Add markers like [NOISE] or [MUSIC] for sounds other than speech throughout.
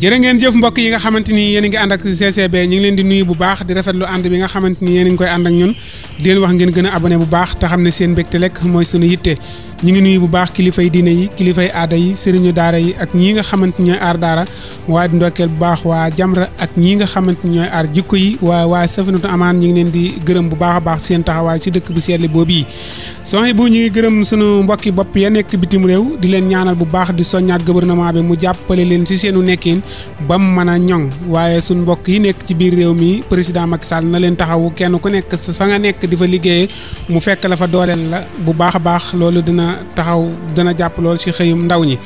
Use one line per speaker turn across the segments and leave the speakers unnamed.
jërë ngeen jëf mbokk yi nga xamante ni yéen ngi ànd ak CCB ñu ngi leen di nuyu bu baax di rafetlu ànd bi nga xamante ni yéen ngi koy ànd ak ñun di leen wax ngeen gën a abonné bu baax te xam ne seen mbégte lekk mooy sunu yitte ñu ngi nuyu bu baax kilifay diine yi kilifay aada yi sëriñu daara yi ak ñii nga xamante ni ñooy aar daara waa bu baax waa jamra ak ñii nga xamante ñooy aar jikko yi waa waa safinatu amaan ñu ngi leen di gërëm bu baax a baax seen taxawaay si dëkk bi seetli boobu yi soxna bu ñu ngi gërëm mbokki bopp ya nekk bitim réew di leen ñaanal bu baax di soññaat gouvernement bi mu jàppale leen si seenu nekkin ba mu mën a ñoŋ waaye suñu mbokk yi nekk ci biir réew mi président Macky Sall na leen taxawu kenn ku nekk fa nga nekk di fa liggéeyee mu fekk la fa dooleel la bu baax baax loolu dina taxaw dina jàpp lool ci xëyum ndaw ñi.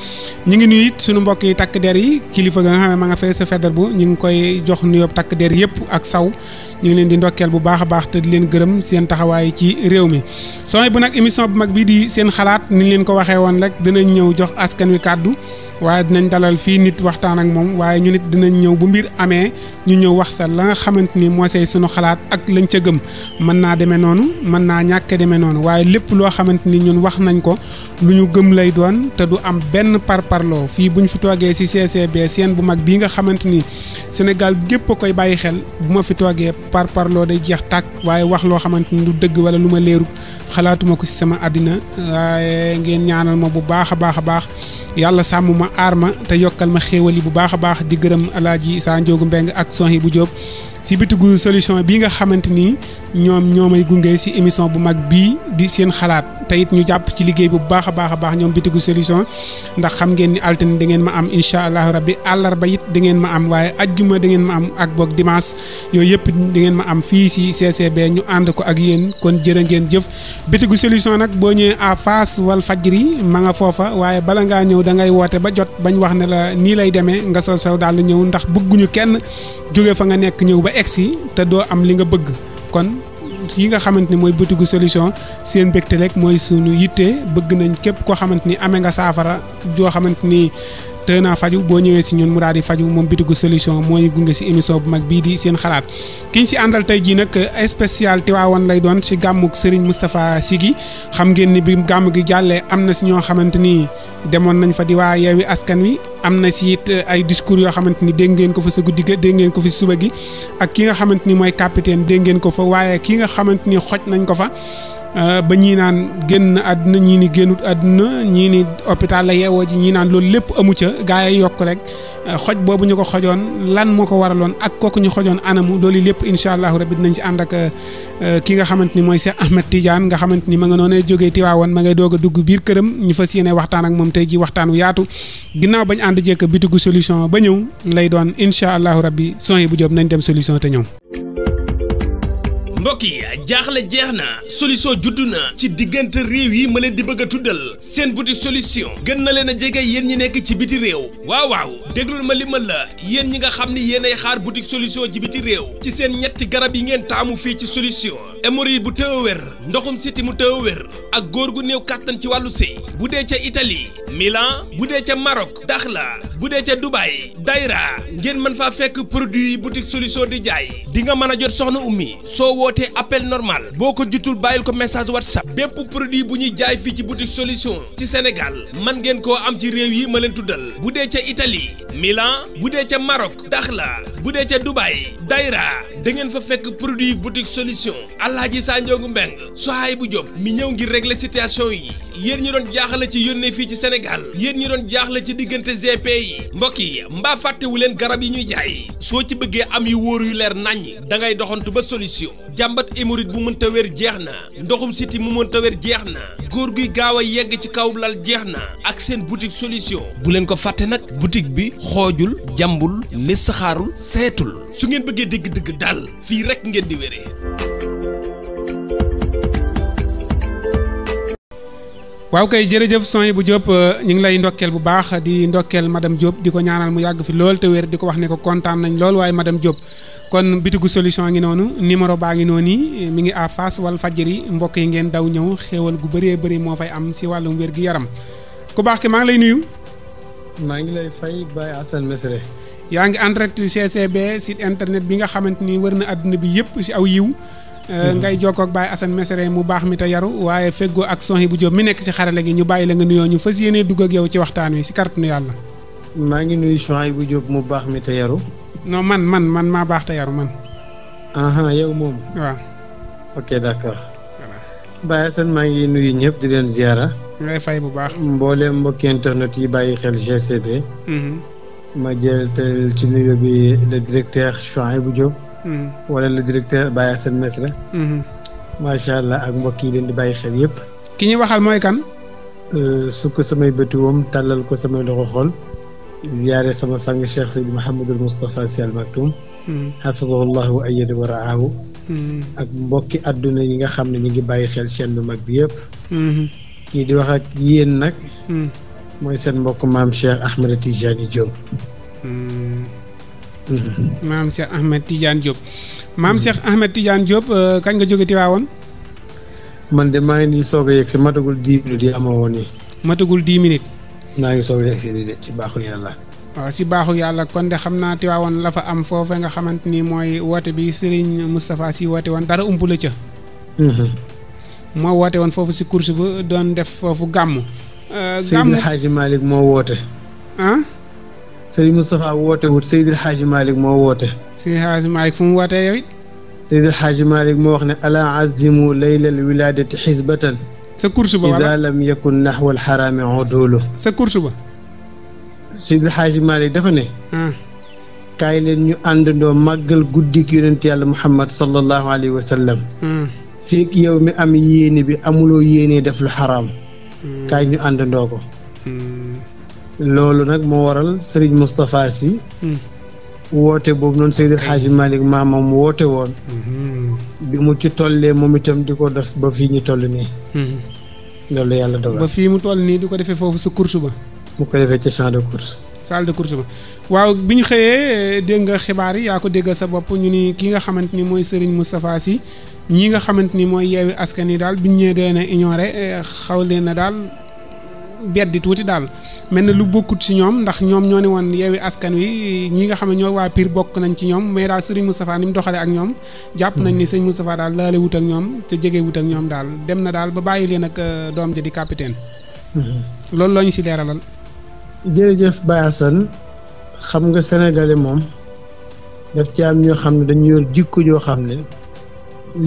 ñu ngi nuyu it suñu mbokk yi takk der yi kilifa ga nga xam ne ma nga fee sa feder bu ñu ngi koy jox nuyoob takk der yëpp ak saw ñu ngi leen di ndokkeel bu baax a baax te di leen gërëm seen taxawaay ci réew mi. sooy bu nag émission bu mag bii di seen xalaat ni leen ko waxee woon rek dinañ ñëw jox askan wi kàddu waaye dinañ dalal fii nit waxtaan ak moom waaye ñu nit dinañ ñëw bu mbir amee ñu ñëw wax sa la nga xamante ni moo say sunu xalaat ak lañ ca gëm mën naa demee noonu mën naa ñàkk a demee noonu waaye lépp loo xamante ni ñun wax nañ ko lu ñu gëm lay doon te du am benn parparloo fii bu ñu fi toogee si CCB seen bu mag bii nga xamante ni Sénégal gépp a koy bàyyi xel bu ma fi toogee par parloo day jeex tàkk waaye wax loo xamante ni du dëgg wala lu ma leerul xalaatuma ko si sama àddina waaye ngeen ñaanal ma bu baax a baax a baax aar ma te yokkal ma xéewal bu baax a baax di gërëm yi sa Njóogu Mbeng ak Sohi bu Jóob si bitigu solution bii nga xamante ni ñoom ñoo may gunge si émission bu mag bii di seen xalaat te it ñu jàpp ci liggéey bu baax a baax a baax ñoom bitigu solution ndax xam ngeen ni altine da ngeen ma am incha allahu rabbi àllarba it da ngeen ma am waaye ajjuma da ngeen ma am ak boog dimanche yooyu yëpp da ngeen ma am fii si CCB ñu ànd ko ak yéen kon jëre ngeen jëf bitigu solution nag boo ñëwee à face wal fajri ma nga foofa waaye bala ngaa ñëw da ngay woote ba jot bañ wax ne la nii lay demee nga sol saw daal ñëw ndax bëgguñu kenn jóge fa nga nekk ñëw ba egsi te doo am li nga bëgg kon yi nga xamante ni mooy butigu solution seen mbégte rek mooy sunu yitte bëgg nañ képp koo xamante ni amee nga saafara joo xamante ni tëna faju boo ñëwee si ñun mu daal di faju moom bitigu solution mooy gunge si émission bu mag bii di seen xalaat kiñ si àndal tey jii nag spécial Tiwaawan lay doon si gàmmuk Serigne Moustapha Sigui xam ngeen ni bi gàmm gi jàllee am na si ñoo xamante ni demoon nañ fa di waa yeewi askan wi am na si it eh, ay discours yoo xamante ni dégg ngeen ko fa sa guddi dégg ngeen ko fi suba gi ak ki nga xamante ni mooy capitaine dégg ngeen ko fa waaye ki nga xamante ni xoj nañ ko fa Euh, ba ñii naan génn àdduna ñii ni génnut àdduna ñii ni hôpital la yeewoo ji ñii naan loolu lépp amu ca gaa yi yokk rek euh, xoj boobu ñu ko xojoon lan moo ko waraloon ak kooku ñu xojoon anamu loolu lépp incha allahu rabbi dinañ ci ànd ak euh, ki nga xamante ni mooy Cheikh Ahmed Tidiane nga xamante ni ma nga noonee jógee Tiwaawoon ma ngay doog a dugg biir këram ñu fas yéene waxtaan ak moom tey ji waxtaan waxtaanu yaatu ginnaaw bañ ànd jekk bitigu solution ba ñëw lay doon incha allahu rabbi son yi bu jóob nañ dem solution te ñëw
mbokk yi jaaxle jeex na solution juddu na ci diggante réew yi ma leen di bëgg a tuddal seen boutique solution gën na leen a jege yéen ñi nekk ci biti réew waaw waaw déglul ma li ma la yéen ñi nga xam ni yéenay xaar boutique solution ci biti réew ci seen ñetti garab yi ngeen taamu fii ci solution hémorroïde bu tëw a wér ndoxum siti mu tëw a ak góor gu néew kàttan ci wàllu sëy bu dee ca Italie Milan bu dee ca Maroc Daxla bu dee ca Dubaï Daïra ngeen mën faa fekk produit yi boutique solution di jaay di nga mën a jot soxna ummi wootee appel normal boo ko jutul bàyyil ko message whatsapp bépp produit bu ñuy jaay fii ci boutique solution ci Sénégal man ngeen koo am ci réew yi ma leen tuddal bu dee ca Italie Milan bu dee ca Maroc Dakhla bu dee ca Dubai Daira da ngeen fa fekk produit boutique solution Alaaji Sanjoogu Mbeng bu Diop mi ñëw ngir régler situation yi yéen ñi doon jaaxle ci yónnee fii ci Sénégal yéen ñi doon jaaxle ci diggante GP yi mbokk yi mbaa fàttewu leen garab yi ñuy jaay soo ci bëggee am yu wóor yu leer naññ da ngay doxantu ba njàmbat hémorroïde bu mënta wér jeex na ndoxum siti mu mënta wér jeex na góor guy gaaw a yegg ci kaw lal jeex na ak seen boutique solution bu leen ko fàtte nag boutique bi xoojul jàmbul li saxaarul seetul su ngeen bëggee dégg dëgg daal fii rek ngeen di wéree
waaw kay jërëjëf son bu Diop euh, ñu ngi lay ndokkeel bu baax di ndokkeel madame Diop di ko ñaanal mu yàgg fi lool te wér di ko wax ne ko kontaan nañ lool waaye madame Diop kon bitigu solution ngi noonu numéro baa ngi noonu yi mi ngi à face wal fajjari mbokk yi ngeen daw ñëw xéewal gu bëree bëri moo fay am si wàllum wér gi yaram ku baax ki maa ngi lay nuyu.
maa ngi lay fay Baye Assane Mesre.
yaa ngi en direct CCB site internet bi nga xamante ni wër na àdduna bi yëpp si aw yiw Euh, mhm. ngay jokkoo ak Baye Assane Mesere mu baax mi te yaru waaye feggoo ak soxi bu jóob mi nekk si xarale gi ñu bàyyi la nga nuyoo ñu fas yéenee dugg ak yow ci waxtaan wi si kàttanu yàlla. maa ngi nuyu soxi bu jóob
mu baax mi te
man man man maa baax te man. aha yow moom.
waaw.
ok d'accord. maa ngi nuyu ñëpp di leen ziara. ngay fay bu baax. mbooleem mbokki internet yi bàyyi xel GCB. Mhm. ma jël ci nuyu bi le directeur Chouaïbou Diop Mm-hmm. wala le directeur Baye seen Mess la macha allah ak mbokk yi leen di bàyyi xel yëpp. ki ñuy waxal mooy kan. Euh, su ko samay bëti woom tàllal ko samay loxo xool ziyaare sama sang cheikh Seydi Mouhamadul Moustapha Sy Al Maktoum. xafizahullah mm-hmm. wa ayyada wa raahu mm-hmm. ak mbokki àdduna yi nga xam ne ñu ngi bàyyi xel seen bu mag bi yëpp. kii di wax ak yen nag. mooy seen mbokk maam Cheikh Ahmed Tidiane Diop. Mm-hmm.
maam Cheikh Ahmed Tidiane Diop. maam Cheikh mm-hmm. Ahmed Tidiane Diop euh, kañ nga jóge Tiwaawoon.
man de maa ngi nii soog a yegg si matagul dix minutes yi amoo woon matagul dix minutes. maa ngi soog a yegg si de ci baaxul yàlla.
waaw si baaxu yàlla kon de xam naa Tiwaawoon la fa am foofa nga xamante ni mooy woote bi Serigne Moustapha si woote woon dara ump la ca. Mm-hmm. moo woote woon foofu si kurs bu doon def foofu
gàmm. gàmm euh, Seydil Hadji Malick moo woote. ah. Sëriñ Moustapha woote wut Seydil Xaaji Malick moo woote. Seydil Xaaji Malick fu mu wootee yow it. Seydil Xaaji Malick moo wax ne alaa azimu laylal wilaadati xisbatan. sa kursu ba wala idaa lam yakun naxwal xaraami odoolu. sa kursu ba. Seydil Xaaji Malick dafa ne. kaay leen ñu àndandoo màggal guddik yonent yàlla Muhammad sallallahu alayhi wa sallam. fii yow mi am yéene bi amuloo yéene def lu xaraam. Hmm. kaay ñu àndandoo ko. Hmm. loolu nag moo waral Serigne Moustapha si hmm. woote boobu noonu Seydil hmm. Hadji Malick maamam woote woon
hmm.
bi mu ci tollee moom itam di ko def ba fii ñu toll nii loolu yàlla dogal ba mu toll nii di ko defee foofu sa course ba mu ko defee ci champ course
salle de course ba waaw bi ñu xëyee eh, dégg nga xibaar yi yaa ko déggal sa bopp ñu ni ki nga xamante ni mooy Serigne Moustapha Sy ñii nga xamante ni mooy yeewi askan yi daal biñ ñëwee dee na ignoré eh, xaw leen na daal beddi tuuti daal mel na lu bokkut ci ñoom ndax ñoom ñoo ne woon yeewi askan wi ñi nga xam ne ñoo waa piir bokk nañ ci ñoom mais daal Serigne Moustapha ni mu doxalee ak ñoom jàpp nañ ni hmm. sëñ Moustapha daal laale wut ak ñoom te jege wut ak ñoom daal dem na daal ba bàyyi leen ak euh, doom ja di capitaine
hmm. loolu loo ñu ci leeralal jërëjëf Baye Assane xam nga sénégalais moom daf ci am ñoo xam ne dañu yor jikko joo xam ne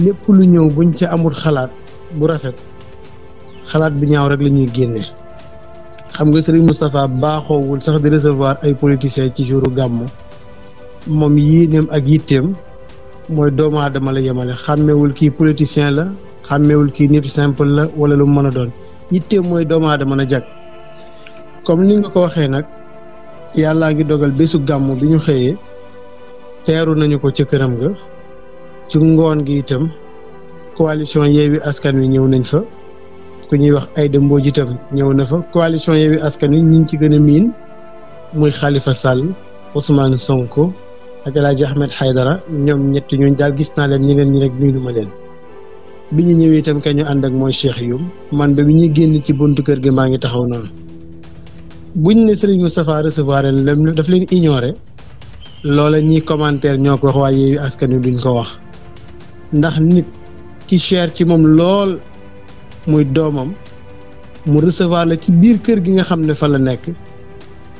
lépp lu ñëw buñ ci amul xalaat bu rafet xalaat bu ñaaw rek la ñuy génne xam nga Serigne Moustapha baaxoowul sax di recevoir ay politiciens ci jouru gàmmu moom yéeneem ak yitteem mooy doomu aadama la yemale xàmmewul kii politicien la xàmmewul kii nit simple la wala lu mën a doon yitteem mooy doomu aadama na jag comme ni nga ko waxee nag yàllaa ngi dogal bésu gàmmu bi ñu xëyee teeru nañu ko ci këram ga ci ngoon gi itam coalition Yewwi Askan Wi ñëw nañ fa ku ñuy wax Aïda Mbodj itam ñëw na fa coalition Yewwi Askan Wi ñi ngi ci gën a miin muy Khalifa Sall Ousmane sonk ak El Hadj Ahmed Haydara ñoom ñett ñooñu daal gis naa leen ñi ñeneen ñi rek miinu ma leen. bi ñu ñëwee itam ka ànd ak mooy Cheikh Youm man ba bi ñuy génn ci buntu kër gi maa ngi taxaw noonu buñ ne Serigne Moustapha recevoir leen daf leen ignoré loola ñiy commentaire ñoo ko wax waaye Yewwi Askan Wi duñ ko wax ndax nit ki cher ci moom lool. muy doomam mu recevoir la ci biir kër gi nga xam ne fan la nekk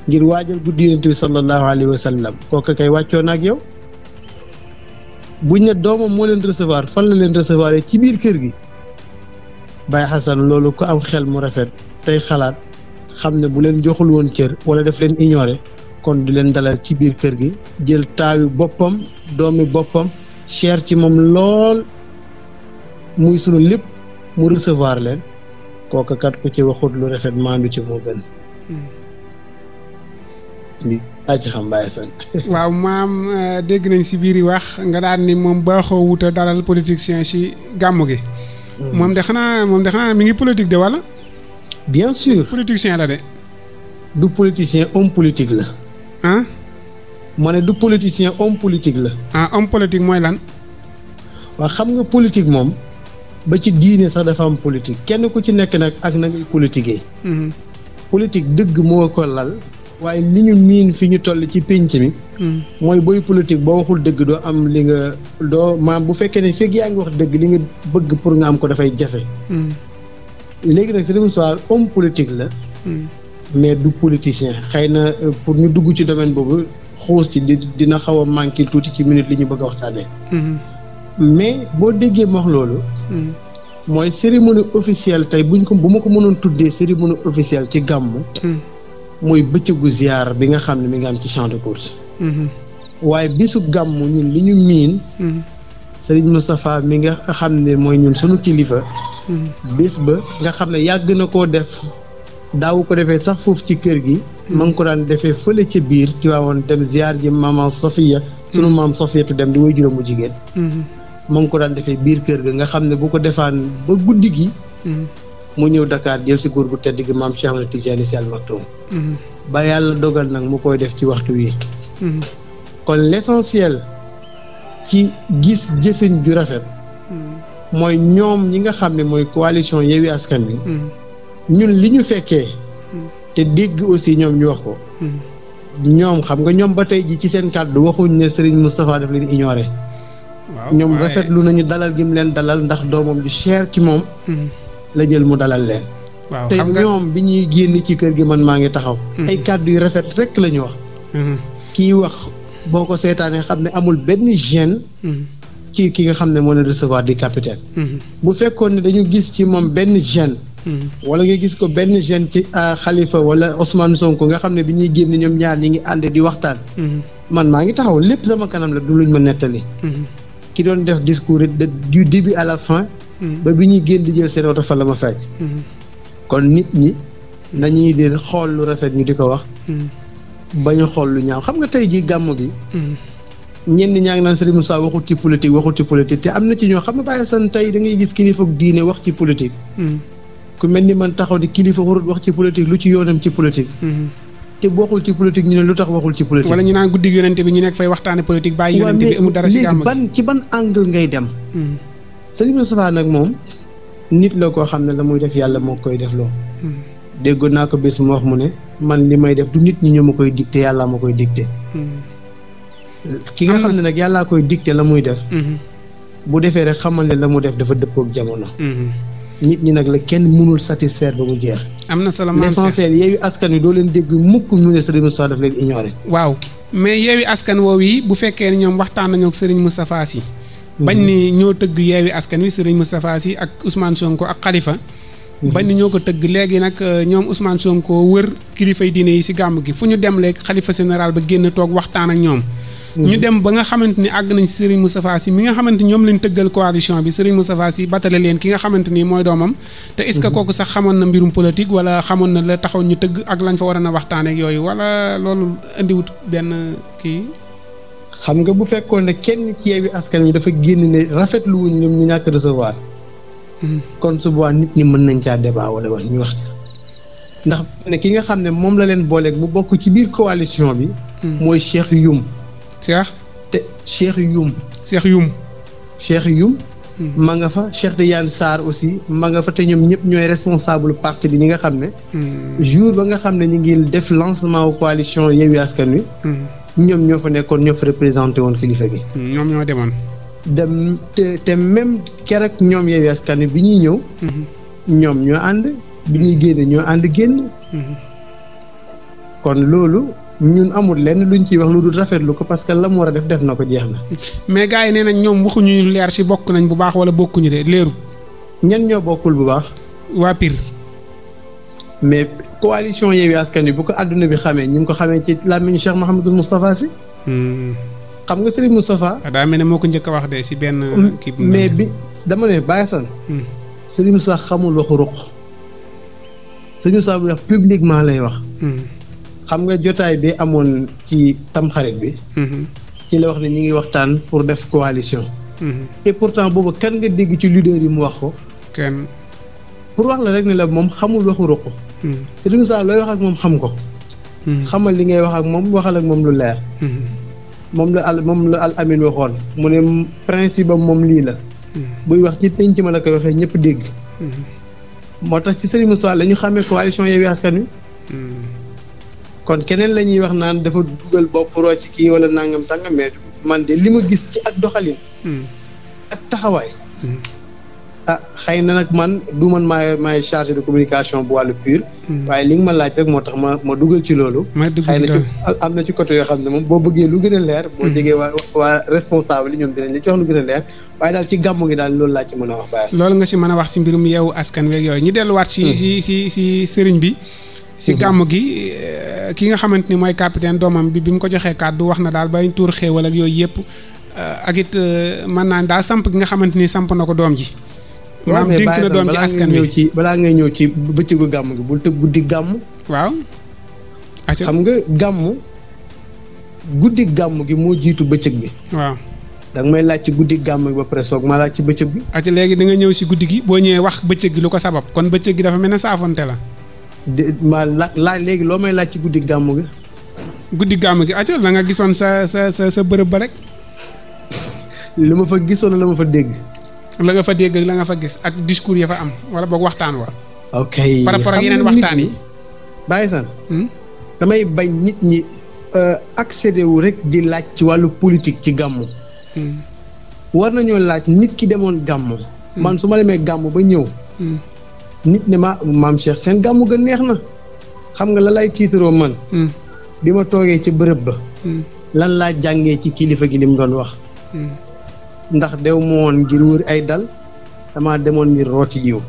ngir waajal guddi yonent bi sallallahu alayhi wa sallam kooku kay wàccoon ak yow buñ ne doomam moo leen recevoir fan la leen recevoir ci biir kër gi Baye Xasan loolu ko am xel mu rafet tey xalaat xam ne bu leen joxul woon cër wala def leen ignorer kon di leen dalal ci biir kër gi jël taawi boppam doomi boppam cher ci moom lool muy sunu lépp mu recevoir leen kooka kat ku ci waxut lu rafet maandu ci moo gën. lii ci xam bàyyi sant.
[LAUGHS] waaw maam euh, dégg nañ si biir yi wax nga daan ni moom baaxoo wuta dalal politicien si gàmmu gi. Hmm. moom de xanaa moom de xanaa mi ngi politique de wala. bien sûr politicien la de. du politicien homme politique la. ah.
ma ne du politicien homme politique la. ah homme politique mooy lan. waa xam nga politique moom. ba ci diine sax dafa am politique kenn ku ci nekk nag ak na ngay politiquer. Mhm. politique dëgg moo ko lal waaye li ñu miin fi ñu toll ci pénc mi. Mhm. mooy booy politique boo waxul dëgg doo am li nga doo maam bu fekkee ne fekk yaa ngi wax dëgg li nga bëgg pour nga am ko dafay jafe. Mhm. léegi nag Serigne Moustapha homme politique la. mais du politicien xëy na euh, pour ñu dugg ci domaine boobu xuus ci dina xaw a manqué tuuti ci minute li ñu bëgg a waxtaanee. mais boo déggee ma wax loolu. Hmm. mooy cérémonie officielle tey buñ ko bu ma ko mënoon tuddee cérémonie officielle ci gàmmu. Hmm. mooy bëccëgu ziar bi nga xam ne mi nga am ci champ de course. Hmm. waaye bisu gàmmu li ñu miin. sëriñ Moustapha mi nga xam ne mooy ñun sunu kilifa. bés ba nga xam ne yàgg na koo def daawu ko defee sax foofu ci kër gi. ma ngi ko daan defee fële ca biir ci waawoon dem ziar ji maman Sofia. sunu maam Sofia dem di way juróom bu jigéen. moo ngi ko daan defee biir kër ga nga xam ne bu ko defaan ba guddi gi. Mm-hmm. mu ñëw dakaar jël si góor gu tedd gi maam Cheikh Ahmed Tidiane Sy Al mm-hmm. ba yàlla dogal nag mu koy def ci waxtu wi. Mm-hmm. kon l'essentiel ci gis jëfin ju rafet. mooy ñoom ñi nga xam ne mooy coalition Yewwi Askan Wi. ñun li ñu fekkee. te dégg aussi ñoom ñu wax ko. ñoom xam nga ñoom ba tey ji ci seen kàddu waxuñ ne Serigne Moustapha def leen ignoré. ñoom rafetlu nañu dalal gi mu leen dalal ndax doomam ju cher ci moom. Hmm. la jël mu dalal leen.
waaw te ñoom
bi ñuy génne ci kër gi man maa ngi taxaw. Hmm. ay kàddu yu rafet rek la ñu wax. Hmm. kii wax boo ko seetaanee xam ne amul benn gêne. ci ki nga xam ne moo leen recevoir di capitaine. bu fekkoon ne dañu gis ci moom benn gêne. wala nga gis ko benn gêne ci xalifa ah, wala Ousmane Sonko nga xam ne bi ñuy génn ñoom ñaar ñi ngi ànd di waxtaan. man maa ngi taxaw lépp sama kanam la du luñ ma nettali. ki doon def discours du début à la fin. Hmm. ba bi ñuy génn di jël seen oto fa la ma fekk. Hmm. kon nit ñi nañuy de xool lu rafet ñu di ko wax. Hmm. ba a xool lu ñaaw xam nga tey jii gàmm gi. ñenn ñaa ngi naan Serigne Moussa waxut ci politique waxut ci politique te am na ci ñoo xam ne bàyyi san tey da ngay gis kilifa diine wax ci politique. ku mel ni man taxaw di kilifa warut wax ci politique lu ci yoonam ci politique. te waxul ci politique ñu ne lu tax waxul ci politique. wala ñu naan guddi yonente bi ñu nekk fay waxtaane politique bàyyi yonente bi amul dara si gàmm ban ci ngay dem. Hmm. sëñ Moustapha nag moom nit la koo xam ne nag muy def yàlla moo koy def loo. Hmm. déggoon naa ko bés wax mu ne man li may def du nit ñi ñoo ma koy dicté yàlla ma koy dicté. Hmm. nga xam ne nag koy dicté la muy def. bu defee rek xamal ne la mu def dafa dëppook jamono. nit ñi nag la kenn mënul satisfaire ba mu jeex. am na solo maam l'essentiel yeewi askan wi doo leen dégg mukk ñu ne Serigne Moustapha daf leen ignoré. waaw mais
yeewi askan woowu yi bu fekkee ne ñoom waxtaan nañoo ak Serigne Moustapha si mhm. bañ ni ñoo tëgg yeewi askan wi Serigne Moustapha Sy ak Ousmane Sonko ak Khalifa. Mhm. bañ ni ñoo ko tëgg léegi nag euh, ñoom Ousmane Sonko wër kilifay diine yi si gàmm gi fu ñu dem léegi xalifa général ba génn toog waxtaan ak ñoom. ñu mhm. dem ba nga xamante ni àgg nañ si Serigne Moustapha Sy mi nga xamante ñoom lañ tëggal coalition bi Serigne Moustapha Sy batale leen ki nga xamante ni mooy doomam te est-ce que mhm. kooku sax xamoon na mbirum politique wala xamoon na la taxaw ñu tëgg ak lañ fa war a waxtaaneek yooyu wala loolu indiwut benn
kii xam nga bu fekkoon ne kenn ci Yewwi Askan Wi dafa génn ne rafetlu wuñ ñoom ñu ñàkk recevoir mhm. kon su boobaa nit ñi mën nañ caa débat wala wax ñu wax ndax ne ki nga xam ne moom la leen booleeg mu bokk ci biir coalition bi mooy Cheikh Youm Cheikh. te Cheikh Youm. Cheikh Youm. Cheikh Youm. Hmm. ma nga fa de Tidiane Sarr aussi ma nga fa te ñoom ñëpp ñooy responsable parti bi ñi nga xam ne. Hmm. jour ba nga xam ne ñu ngi def lancement wu coalition Yewwi Askan Wi. Hmm. ñoom ñoo fa nekkoon ñoo fa représenté woon kilifa gi. ñoom ñoo demoon. dem te même keroog ñoom Yewwi Askan bi ñuy ñëw. ñoom ñoo ànd. bi ñuy génne ñoo ànd génn. kon loolu ñun amul lenn luñ ciy wax lu dul rafetlu ko parce que la mu war a def def na ko jeex na.
mais gars yi nee nañ ñoom waxuñu leer si bokk nañ bu baax
wala bokkuñu de leerut. ñan ñoo bokkul bu baax. waa Pire. mais coalition Yewwi Askan Wi bu ko àdduna bi xamee ñu ngi ko xamee ci làmmiñu Cheikh Mouhamadul Moustapha Sy. Hmm. xam nga Serigne Moustapha. Ah, daa mel ne moo ko njëkk a wax de si benn. Um, kii mais bi dama ne Baye San. Hmm. Serigne Moustapha xamul waxu ruq. Serigne Moustapha bu wax publiquement lay wax. Hmm. xam nga jotaay bi amoon ci tamxarit bi. Mm-hmm. ci la wax ne ñu ngi waxtaan pour def coalition. Mm-hmm. et pourtant boobu kenn nga dégg ci leader yi mu wax ko. kenn. pour wax la rek ne la moom xamul waxu ruq. Serigne mm-hmm. Sall looy wax ak moom xam ko. xamal li ngay wax ak moom waxal ak moom lu leer. moom la al moom la al amin waxoon mu ne principe am moom lii la. buy wax ci penc ma la koy waxee ñëpp dégg. moo tax ci Serigne Moussa la ñu xamee coalition Yewwi Askan Wi. kon keneen la ñuy wax naan dafa dugal bopp roo ci kii walla nangam sangam mais man de li ma gis ci ak doxalin. Hmm. ak taxawaay. Hmm. ah xëy na nag man du man maay maay chargé de communication bu wàllu pur. Hmm. waaye li nga ma laaj rek moo tax ma ma dugal ci loolu. xëy na ci am na ci côté yoo xam ne moom boo bëggee lu gën a leer. boo jegee waa waa responsable yi ñoom dinañ la jox lu gën a leer waaye daal ci gàmmu gi daal loolu laa ci mën a wax baas.
loolu nga si mën a wax si mbirum yeewu askan wi ak yooyu ñu delluwaat. si si si si sëriñ bi. si gi ki nga xamante ni mooy capitaine doomam bi bi mu ko joxee kàddu wax na daal bañ tuur xéewal ak yooyu yëpp euh, ak it euh, mën naa daa samp gi nga xamante ni samp
na ko doom ji. maam dénk na askan wi ci balaa ngay ñëw ci bëccëgu gàmm gi bul tëb guddi gàmm. waaw. xam nga gàmm guddi gàmm gi moo jiitu bëccëg bi. waaw. da nga may laaj ci guddi gàmm gi ba pare soog ma laaj ci bëccëg bi.
ati léegi da nga ñëw si guddi gi boo ñëwee wax bëccëg gi lu ko sabab kon bëccëg gi dafa mel ne saafonte la. ma laaj laaj léegi loo may laaj ci guddi gàmmu gi. guddi gàmmu gi aco la nga gisoon sa sa sa bërëb ba rek. li ma fa gisoon la ma fa dégg. la nga fa dégg la nga fa gis ak discours ya fa am wala boog waxtaan wa.
ok par rapport ak yeneen waxtaan yi. bàyyi san hmm? damay bañ nit ñi euh, ak wu rek di laaj ci wàllu politique ci gàmmu. Hmm. war nañoo laaj nit ki demoon gàmmu. Hmm. man su ma demee gàmmu ba ñëw. nit ne ma maam Cheikh seen gàmmu ga neex na xam nga la lay tiitaroo man hmm. bi ma toogee ci bërëb ba hmm. lan laa jàngee ci kilifa gi li doon wax hmm. ndax dew moon ngir wër ay dal damaa demoon ngir rooti yiw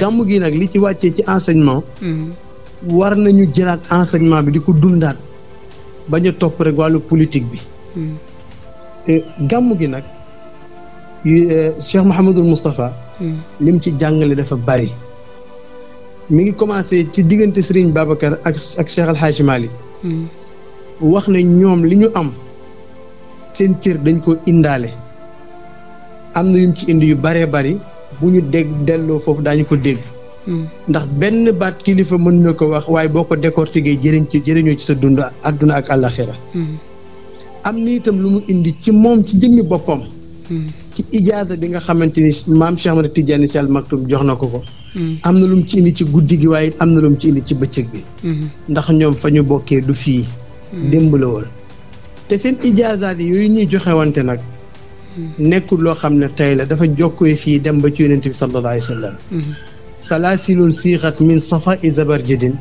gàmmu gi nag li ci wàccee ci enseignement war nañu jëlaat enseignement bi di ko dundaat bañ a topp rek wàllu politique bi gàmmu gi nag eh, Cheikh Mouhamadul Moustapha
lim
ci jàngale dafa bari mu ngi commencé ci diggante Serigne Babacar ak ak Cheikh Al hmm. wax ne ñoom li ñu am seen cër dañ ko indaale am na yum ci indi yu baree bari bu ñu dégg delloo foofu daañu ko dégg hmm. ndax benn baat kilifa mën na ko wax waaye boo ko décortiquer jëriñ ci jëriñoo ci sa dund àdduna ak àllaxira hmm. am na itam lu mu indi ci moom ci jëmmi boppam ci ijaaza bi nga xamante ni maam Cheikh Ahmad Tidiane Sy Al jox na ko ko. Mm. am na lu mu ci indi ci guddi gi waaye am na lu mu ci indi ci bëccëg bi. Mm-hmm. ndax ñoom fa ñu bokkee du fii.
Mm-hmm.
démb la woon te seen ijaazaat yooyu ñuy joxe wante nag.
Mm-hmm.
nekkul loo xam ne tey la dafa jokkoo fii dem ba ci yonent bi sallallahu alayhi wa sallam. salaasilun siixat min safa i zabarjadin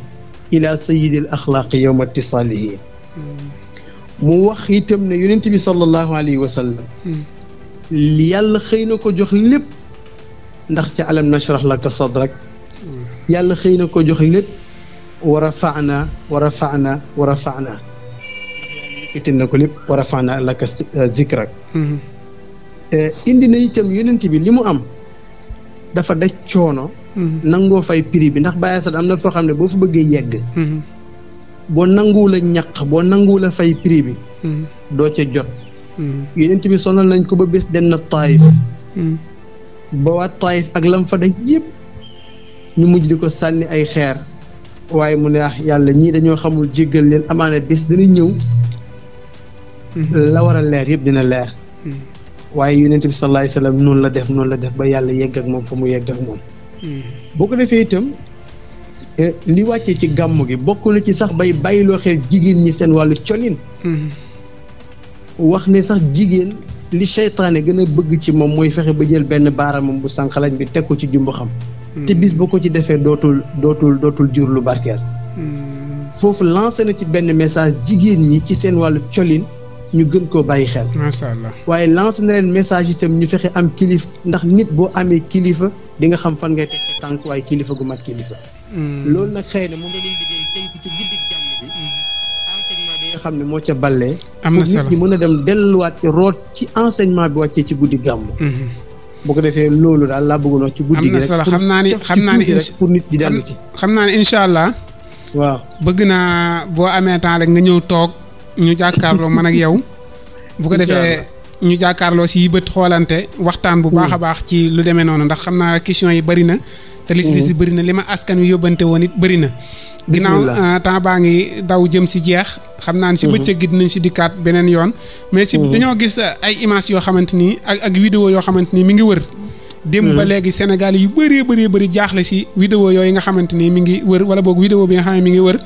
ila sayidil axlaaqi yowma tisaalihi mu wax itam ne yonent bi sallallahu alayhi wa yàlla xëy na ko jox lépp ndax ci alam nashrah laka sadrak yàlla xëy na ko jox lépp wa rafa'na wa rafa'na wa rafa'na yëkkati na ko lépp wa rafa'na laka euh, zikrak mm-hmm. indi na itam yonent bi li mu am dafa daj coono mm-hmm. nangoo fay prix bi ndax bàyyi sa am na foo xam ne boo fa bëggee yegg mm-hmm. boo nanguwul a ñaq boo nanguwul a fay prix bi doo ca jot Mm. yonent bi sonal nañ ko ba bés dem na taayif mm. ba waa taayif ak lam fa daj yëpp ñu mujj di ko sànni ay xeer waaye mu ne ah yàlla ñii dañoo xamul jéggal leen amaana bés dana ñëw mm-hmm. la war a leer yëpp dina leer mm. waaye yonent bi sallallahu alayhi wasallam noonu la def noonu la def ba yàlla yegg ak moom fa mu yegg ak moom boo ko defee itam eh, li wàccee ci gàmm gi bokk na ci sax bay bàyyiloo xel jigéen ñi seen wàllu colin mm-hmm. wax ne sax jigéen li seytaane gën a bëgg ci moom mooy fexe ba jël benn baaraamam bu sànqalañ bi teg ko ci jumbu xam hmm. te bis boo ko ci defee dootul dootul dootul jur lu barkeel hmm. foofu lancé na ci benn message jigéen ñi ci seen wàllu colin ñu gën ko bàyyi xel macha waaye lancé na leen message itam ñu fexe am kilifa ndax nit boo amee kilifa di nga xam fan ngay teg waaye kilifa gu mat kilifa hmm. loolu nag xëy xam ne moo ca ballee am na solo pour nit ñi mën a ci root ci enseignement bi wàccee ci guddi gàmmu mhm. boo ko defee loolu daal laa bëggoon wax ci guddi gi rek am na solo xam naa ni xam naa ni pour nit di dellu ci
xam naa ni allah bëgg naa boo amee temps rek nga ñëw toog ñu jàkkaarloo man ak yow [LAUGHS] bu ko defee ñu jàkkaarloo si bët xoolante waxtaan bu baax hmm. a baax ci lu demee noonu ndax xam naa question yi bari na te li si li mm. bëri na li ma askan wi yóbbante woon it bëri na
ginnaaw euh,
temps baa ngi daw jëm si jeex xam naa ne si mm-hmm. bëccëg gi dinañ si dikkaat beneen yoon mais si mm-hmm. dañoo gis euh, ay images yoo xamante ni ak ak yoo xamante ni mi ngi wër démb ba mm-hmm. léegi Sénégal yu bëree bëree bëri jaaxle si vidéo yooyu nga xamante ni mi ngi wër wala boog vidéo bi nga xam ne mi ngi wër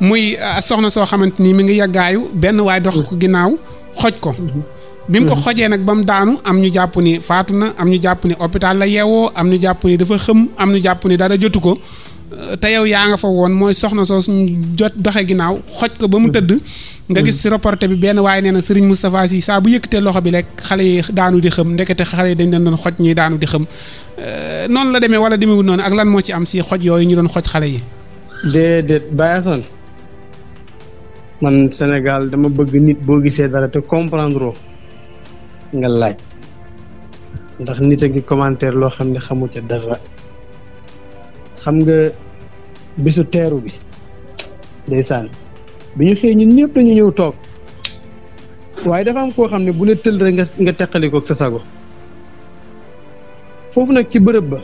muy euh, soxna soo xamante ni mi ngi yàggaayu benn waay dox ko ginnaaw xoj ko bi mu ko mhm. xojee nag ba mu daanu am ñu jàpp ni faatu na am ñu jàpp ni hôpital la yeewoo am ñu jàpp ni dafa xëm am ñu jàpp ni dara jotu ko euh, te yow yaa nga fa woon mooy soxna soosu jot doxe ginnaaw xoj ko ba mu mhm. tëdd nga gis si mhm. reporté bi benn waaye nee na Serigne Moustapha Sy saa bu yëkk yëkkatee loxo bi rek xale yi daanu di xëm ndekete xale yi dañ leen doon xoj ñuy daanu di xëm euh, noonu la demee wala demeewul noonu ak lan moo ci am si xoj yooyu ñu doon xoj
xale yi déedéet bàyyasan man Sénégal dama bëgg nit boo gisee dara te nga laaj ndax nit a ngi commentaire loo xam ne xamu ca dara xam nga bisu teeru bi ndeysaan bi ñu xëy ñu ñëpp dañu ñëw toog waaye dafa am koo xam ne bu ne tël rek nga nga teqalikoo ak sa sago foofu nag ci bërëb ba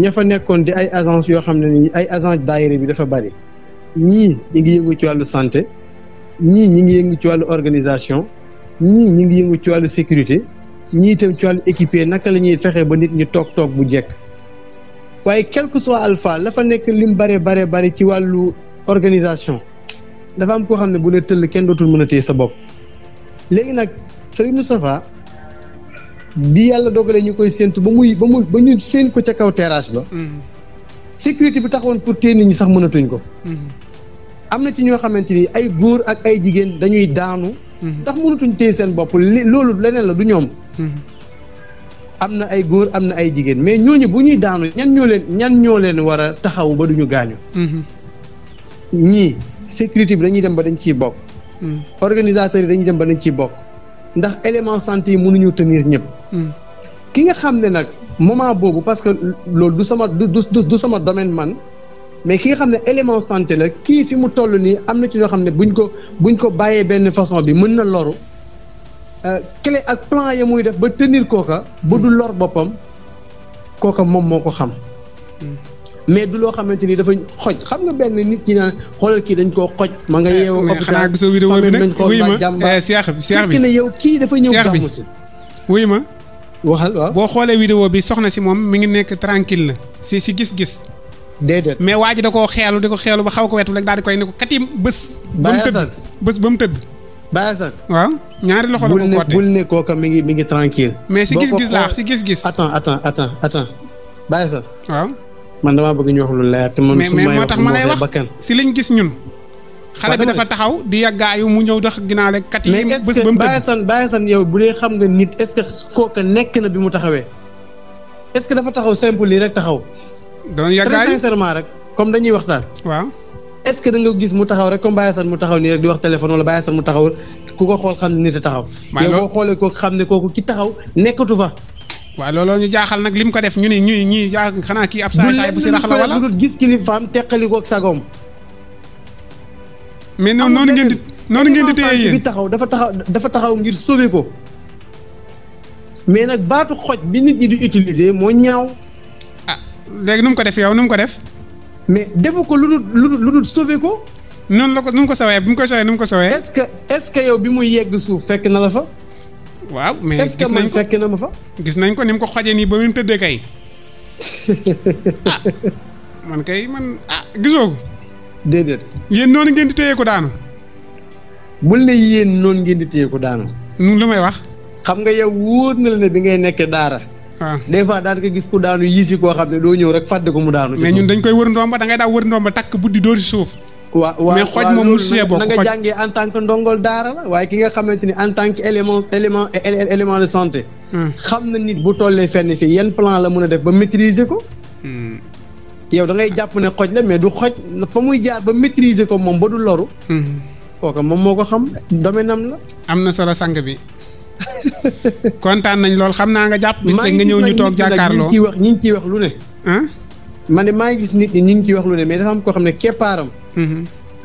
ña fa nekkoon di ay agence yoo xam ne ni ay agence daayira bi dafa bari ñii ñi ngi yëngu ci wàllu santé ñii ñi ngi yëngu ci wàllu organisation ñii ñu ngi yëngu ci wàllu sécurité ñii itam ci wàllu équipier naka la ñuy fexe ba nit ñu toog toog bu jekk waaye quelque que soit alpha la fa nekk lim bare bare bare ci wàllu organisation dafa am koo xam ne bu la tëll kenn dootul mën a téye sa bopp léegi nag Serigne Moustapha bi yàlla dogalee ñu koy séentu ba muy ba mu ba ñu séen ko ca kaw terrasse ba mm-hmm. sécurité bi taxawoon pour téye nit ñi sax mënatuñ ko mm-hmm. am na ci ñoo xamante ni ay góor ak ay jigéen dañuy daanu ndax mënutuñ téye seen bopp loolu leneen la du ñoom. am na ay góor am na ay jigéen mais ñooñu bu ñuy daanu ñan ñoo leen ñan ñoo leen war a taxaw ba duñu gaañu. ñii sécurité bi dañuy dem ba dañ ciy bokk. organisateurs yi dañuy dem ba dañ ciy bokk. ndax élément santé yi mënuñu tenir ñëpp. ki nga xam ne nag moment boobu parce que loolu du sama du du sama domaine man. mais ki nga xam ne élément santé la kii fi mu toll nii am na ci ñoo xam ne buñ ko buñ ko bàyyee benn façon bi mën na loru euh, clé ak plan ya muy def ba tenir kooka ba du lor boppam kooka moom moo ko xam hmm. mais du loo xamante ni dafa xoj xam nga benn nit ñi naan xoolal kii dañ koo xoj ma nga eh, yeewu hôpital famille nañ ko ba jàmba fekk na yow kii dafa ñëw gàmmu si wuy ma
waxal waaw boo xoolee vidéo bi soxna si moom mi ngi nekk tranquille na si si gis-gis déedéet mais waa ji da koo xeelu di ko xeelu ba xaw ko wetu rek daal di koy ne ko katim bés. ba mu tëdd ba mu
tëdd. bàyyi sax waaw ñaari loxo la ko botte bul ne mi ngi mi ngi tranquille mais si gis-gis laa si gis-gis. attends attends attends attends bàyyi sax waaw bëgg ñu wax lu leer te man. su ma moo tax ma lay wax si
liñ gis ñun. xale bi dafa taxaw di yàggaayu mu
ñëw dox ginnaaw rek kat yi bés ba mu tëdd mais est ce bu dee xam nga nit est ce que kooka nekk na bi mu taxawee. est ce que dafa taxaw simple lii rek taxaw danañ yàgg très sincèrement rek comme dañuy waxtaan. waaw est-ce que da nga gis mu taxaw rek comme Baye Assane mu taxaw nii rek di wax téléphone wala Baye Assane mu taxaw ku ko xool xam ne nit a taxaw. yow boo xoolee kooku xam ne kooku ki taxaw nekkatu fa.
waaw looloo ñu jaaxal nag lim ko def ñu ne ñuy ñii jaa xanaa kii ab saay saay bu si rax la wala
dul gis kilifaam teqali ko ak sagoom mais noonu noonu ngeen di noonu ngeen di téye yéen bi taxaw dafa taxaw dafa taxaw ngir sauver ko mais nag
baatu xoj bi nit ñi di utiliser moo ñaaw léegi nu mu ko def yow nu mu ko def. mais defu ko lu dul lu dul sauvé ko. noonu la ko nu mu ko sawee bu mu ko sawee nu mu ko sawee. est-ce que est-ce que yow bi mu yegg suuf fekk na la fa. waaw mais gis nañ ko fekk na ma fa. gis nañ ko ni mu ko xojee nii ba mu tëddee kay. [LAUGHS] ah man kay man ah
gisoo ko. déedéet. yéen noonu ngeen di téye ko daanu. bu la yéen noonu ngeen di téye ko daanu. lu may wax. xam nga yow wóor na la bi ngay nekkee daara. Ah. des fois daan ko gis ku daanu yiisi koo xam ne doo ñëw rek fàtte ko mu daanu. mais ñun dañ koy wër ndomba da ngay daaw wër ndomba takk buddi dóor si suuf. waa waa mais xoj moom na nga ni en tant que élément élément élément de hmm. xam na nit bu tollee fenn fii yan plan la mën a def ba maîtriser ko. Hmm. yow da ngay jàpp ne xooj la mais du xoj fa muy jaar ba maîtriser ko moom ba du loru. Hmm. kooka moom moo ko xam domaine am la.
am na solo sang bi.
[LAUGHS] kontaan nañ lool xam naa nga
jàpp. bis nga ñëw ñu toog jàkkaarloo maa
ngi ciy wax lu ne. man de maa ngi gis nit ñi ñu ngi ciy wax lu ne mais dafa am koo xam ne keppaaram. Mhm.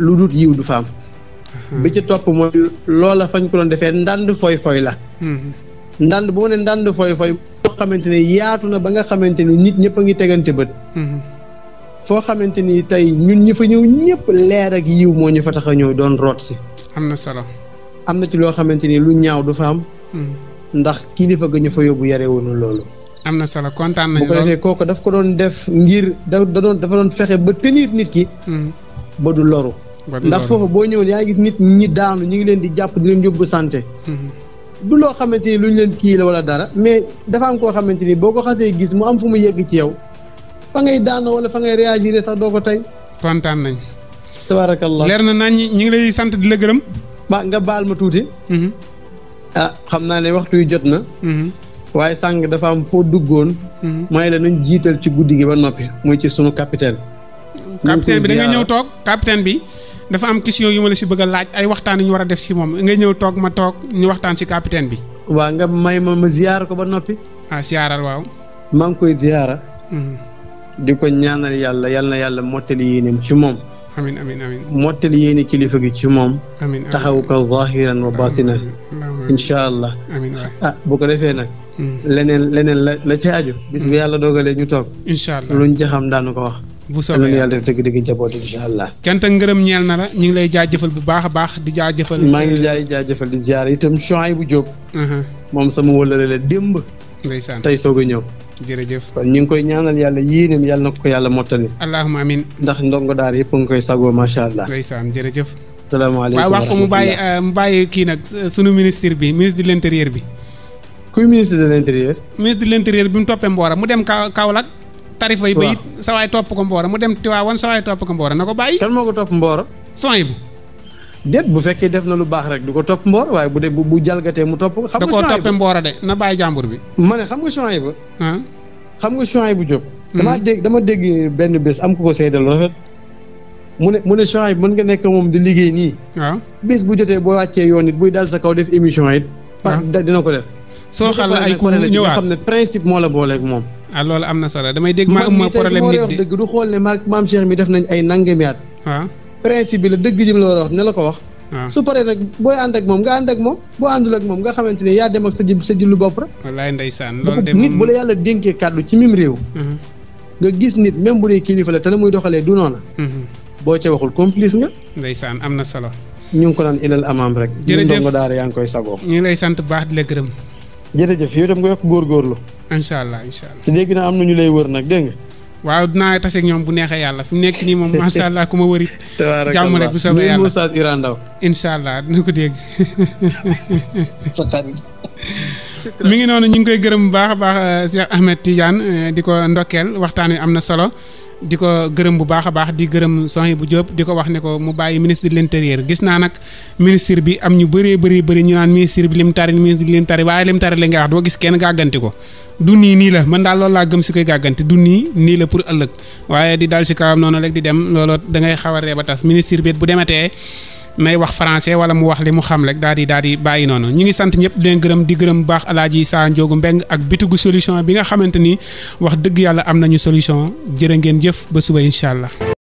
lu dut yiw du fa am. bi ci topp mooy loola fañ ko doon defee ndànd foy foy la. Mhm. ndand bu ma ne ndànd foy foy boo xamante ne yaatu na ba nga xamante ni nit ñëpp a ngi tegante bët. Mhm. foo xamante ni tey ñun ñi fa ñëw ñëpp leer ak yiw moo ñu fa tax a ñëw doon root si. am na solo. am na ci loo xamante ni lu ñaaw du fa am. Hmm. ndax kilifa ga ñu fa yóbbu yare woonu loolu.
am na solo kontaan nañu lool bu ko defee
kooku daf ko doon def ngir da doon dafa doon fexe ba tenir nit ki. Hmm. ba du loru. ndax foofu boo ñëwoon yaa gis nit ñi daanu ñu ngi leen di jàpp di leen yóbbu santé. Hmm. du loo xamante ni lu ñu leen kii la wala dara mais dafa am koo xamante ni boo ko xasee gis mu am fu mu yegg ci yaw fa ngay daanoo wala fa ngay réagir sax doo ko tey. kontaan leer na nañ ñi ngi lay sant di la gërëm. ah xam naa ne waxtu yu jot na. Mhm. waaye sàng dafa am foo duggoon. mooy mhm. la nañ jiital ci guddi gi ba noppi muy ci sunu capitaine. capitaine bi da ñëw
toog capitaine bi dafa am question yu ma la si bëgg laaj ay waxtaan yu ñu war a def si moom nga ñëw toog ma toog ñu waxtaan si capitaine bi. waa nga may ma ma ziyaar ko ba noppi. ah ziyaaral waaw.
maa ngi koy ziyaara. Mhm. di ko ñaanal yàlla yàlla na yàlla mottali yéeneem ci moom.
amiin amiin amiin
mottali yéene kilifa gi ci moom. amiin taxaw ko zahiran wa batinan. incha allah. amiin ah bu ko defee nag. Hmm. leneen leneen la la ca aju. bis bi hmm. yàlla doogalee ñu toog. incha allah luñ ci xam daanu ko wax. bu soobee yàlla def dëgg-dëgg njaboot incha allah.
cant ak ngërëm ñeel na la ñu ngi lay jaajëfal bu baax a baax di jëfal maa ngi lay
jëfal di jaar tam itam bu Diop. moom sama wëllëre la démb. ndeysaan tey soog a ñëw. jërëjëf kon ñu ngi koy ñaanal yàlla yii yéeneem yàlla na ko ko yàlla mottali. allahumma amin ndax ndongo daal yëpp nga koy sagoo macha allah.
ndeysaan jërëjëf.
salaamaaleykum waaw wax ko mu bàyyi euh,
bàyyi kii nag sunu ministre bi ministre di l' bi.
kuy ministre di l' intérieur.
ministre de l' intérieur bi mu toppee Mbora mu dem Ka Kaolack. tarifa yi ba it sawaay topp ko Mbora mu dem Tiwaawan
sawaay topp ko Mbora na ko bàyyi. kan moo ko topp Mbora. son yi bu déet bu fekkee def na lu baax rek du ko topp mboor waaye bu dee bu jalgatee mu topp. xam nga
da na bàyyi jàmbur bi.
ma ne xam nga champs yi xam nga champs bu jóg. damaa dégg dama dégg benn bés am ko ko seedal rafet. mu ne mu ne champs yi mën nga nekk moom di liggéey nii. waaw bés bu jotee boo wàccee yoon it buy dal sa kaw def émission yi. waaw dina ko def. soo xal la ay ku ñëwaat xam ne principe moo la booleeg moom.
Ah, loolu am na solo damay dégg. maa am ma problème nit di
man du xool ne maam Cheikh mi def nañ ay nangamiat. waaw principe bi la dëgg jëm la war a wax ne la ko wax. Ah. su paree nag booy ànd ak moom nga ànd ak moom boo àndul ak moom nga xamante ne yaa dem ak sa jib sa jiblu bopp rek.
wallaay ndeysaan loolu de nit bu la yàlla
dénkee kàddu ci mim réew. Mhm. nga gis nit même bu dee kilifa la te na muy doxalee du noona mhm. boo ca waxul complice nga.
ndeysaan am na solo.
ñu ngi ko naan ilal amaam rek. jërëjëf ñu ndongo daara yaa ngi koy sagoo. ñu
ngi lay sant baax di la gërëm. jërëjëf yow itam nga yokk góorgóorlu. incha allah incha allah. te dégg naa am na ñu lay wër nag dégg waaw dinaa tase ak ñoom bu neexee yàlla fu mu nekk nii moom macha [LAUGHS] allah ku ma wërit
jàmm rek bu soobee yàlla Moussa Iran Ndaw
incha allah dina ko
dégg [LAUGHS]
mi ngi noonu ñu ngi koy gërëm bu baax a baax Cheikh Ahmed Tidiane eh, di ko ndokkeel waxtaan wi am na solo di ko gërëm bu baax a baax di gërëm soxna bu Diop di ko wax ne ko mu bàyyi ministre de l'intérieur gis naa nag ministre bi am ñu bëree bëri bëri ñu naan ministre bi lim tari ministre bi lim tari waaye lim tari la ngay wax doo gis kenn gàgganti ko du nii la man daal lool laa gëm si koy gàgganti du nii nii la pour ëllëg waaye di dal si kawam noonu rek di dem looloo dangay ngay xaw a ree ba tas ministre bi bu dematee may wax français wala mu wax li mu xam rek daal di daal di bàyyi noonu ñi ngi sant ñëpp di gërëm di gërëm baax alaaji saa Ndiogu Mbeng ak bitigu
solution bi nga xamante ni wax dëgg yàlla am na ñu solution jërë ngeen jëf ba suba incha allah.